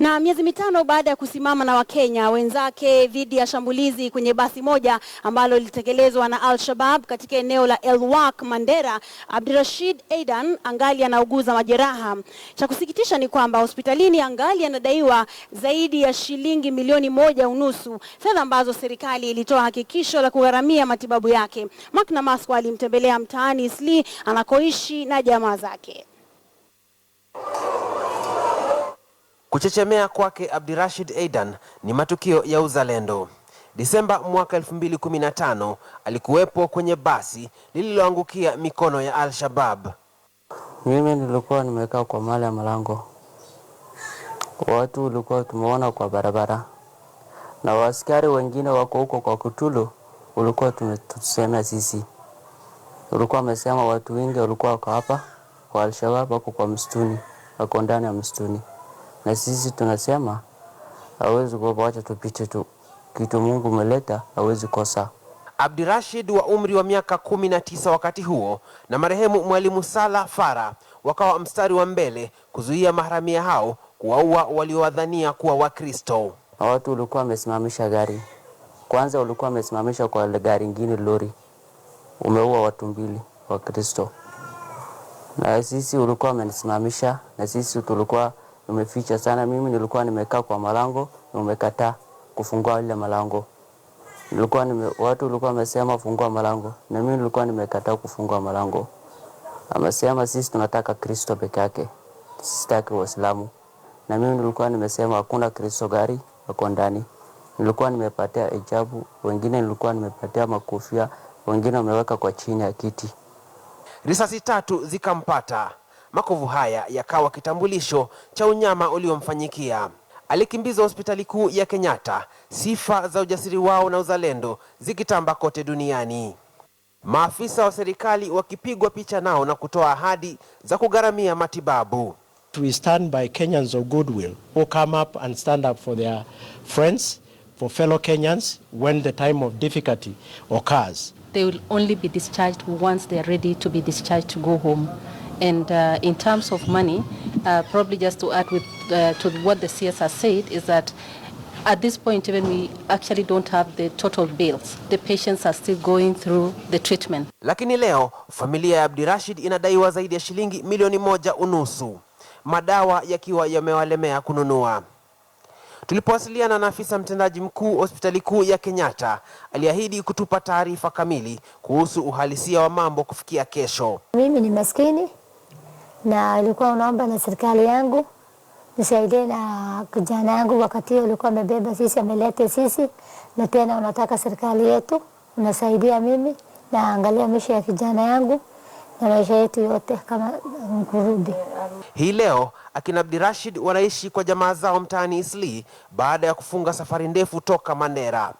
Na miezi mitano baada ya kusimama na Wakenya wenzake dhidi ya shambulizi kwenye basi moja ambalo lilitekelezwa na Al-Shabaab katika eneo la Elwak Mandera, Abdirashid Aidan angali anauguza majeraha. Cha kusikitisha ni kwamba hospitalini angali anadaiwa zaidi ya shilingi milioni moja unusu, fedha ambazo serikali ilitoa hakikisho la kugharamia matibabu yake. Makna Namaswa alimtembelea mtaani Isli anakoishi na jamaa zake. Kuchechemea kwake Abdirashid Aidan ni matukio ya uzalendo. Disemba mwaka 2015 alikuwepo kwenye basi lililoangukia mikono ya Al-Shabab. Mimi nilikuwa nimekaa kwa mali ya malango, watu ulikuwa tumeona kwa barabara na waaskari wengine wako huko kwa Kutulu, ulikuwa tumetusema sisi, ulikuwa amesema watu wengi walikuwa wako hapa kwa Al-Shabab, wako kwa msituni, wako ndani ya msituni na sisi tunasema hawezi kuwa, wacha tupite tu, kitu Mungu umeleta hawezi kosa. Abdirashid wa umri wa miaka kumi na tisa wakati huo na marehemu Mwalimu Sala Fara wakawa mstari wa mbele kuzuia maharamia hao kuwaua waliowadhania kuwa Wakristo. Watu walikuwa wamesimamisha gari kwanza, walikuwa wamesimamisha kwa gari ingine lori, umeua watu mbili Wakristo, na sisi ulikuwa wamesimamisha na sisi tulikuwa umeficha sana. Mimi nilikuwa nimekaa kwa malango na umekataa kufungua ile malango. Nilikuwa nime, watu walikuwa wamesema fungua malango na mimi nilikuwa nimekataa kufungua malango. Amesema sisi tunataka Kristo peke yake, sitaki Waislamu. Na mimi nilikuwa nimesema hakuna Kristo gari wako ndani. Nilikuwa nimepatia ijabu wengine nilikuwa nimepatia makofia, wengine wameweka kwa chini ya kiti. Risasi tatu zikampata. Makovu haya yakawa kitambulisho cha unyama uliomfanyikia. Alikimbizwa hospitali kuu ya Kenyatta, sifa za ujasiri wao na uzalendo zikitamba kote duniani, maafisa wa serikali wakipigwa picha nao na kutoa ahadi za kugharamia matibabu. We stand by Kenyans of goodwill who come up and stand up for their friends, for fellow Kenyans when the time of difficulty occurs. They will only be discharged once they are ready to be discharged to go home. And uh, in terms of money, uh, probably just to add with, uh, to what the CS has said is that at this point even we actually don't have the total bills. The patients are still going through the treatment. Lakini leo familia ya Abdirashid inadaiwa zaidi ya shilingi milioni moja unusu, madawa yakiwa yamewalemea kununua. Tulipowasiliana na afisa mtendaji mkuu hospitali kuu ya Kenyatta, aliahidi kutupa taarifa kamili kuhusu uhalisia wa mambo kufikia kesho. Mimi ni maskini na ilikuwa unaomba na serikali yangu nisaidie na kijana yangu, wakati hiyo ulikuwa amebeba sisi, amelete sisi, na tena unataka serikali yetu unasaidia mimi na angalia maisha ya kijana yangu na maisha yetu yote kama kurudi. Hii leo akina Abdirashid wanaishi kwa jamaa zao mtaani Isli baada ya kufunga safari ndefu toka Mandera,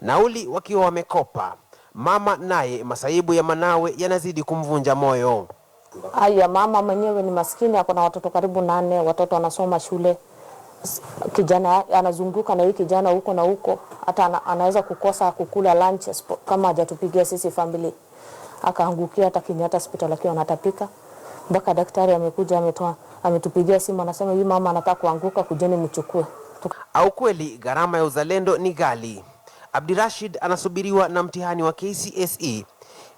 nauli wakiwa wamekopa. Mama naye masaibu ya manawe yanazidi kumvunja moyo. Aya, mama mwenyewe ni maskini, ako na watoto karibu nane, watoto wanasoma shule. Kijana anazunguka na hii kijana huko na huko, hata anaweza kukosa kukula lunch kama hajatupigia sisi family. Akaangukia hata Kenyatta hospital akiwa anatapika, mpaka daktari amekuja ametoa ametupigia simu, anasema hii mama anataka kuanguka, kujeni mchukue. Au kweli gharama ya uzalendo ni ghali. Abdirashid anasubiriwa na mtihani wa KCSE,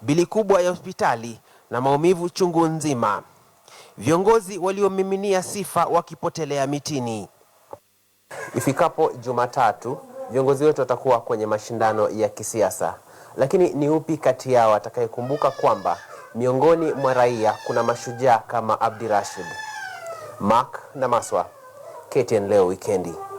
bili kubwa ya hospitali na maumivu chungu nzima, viongozi waliomiminia sifa wakipotelea mitini. Ifikapo Jumatatu, viongozi wetu watakuwa kwenye mashindano ya kisiasa, lakini ni upi kati yao atakayekumbuka kwamba miongoni mwa raia kuna mashujaa kama Abdi Rashid? Mark na Maswa, KTN leo wikendi.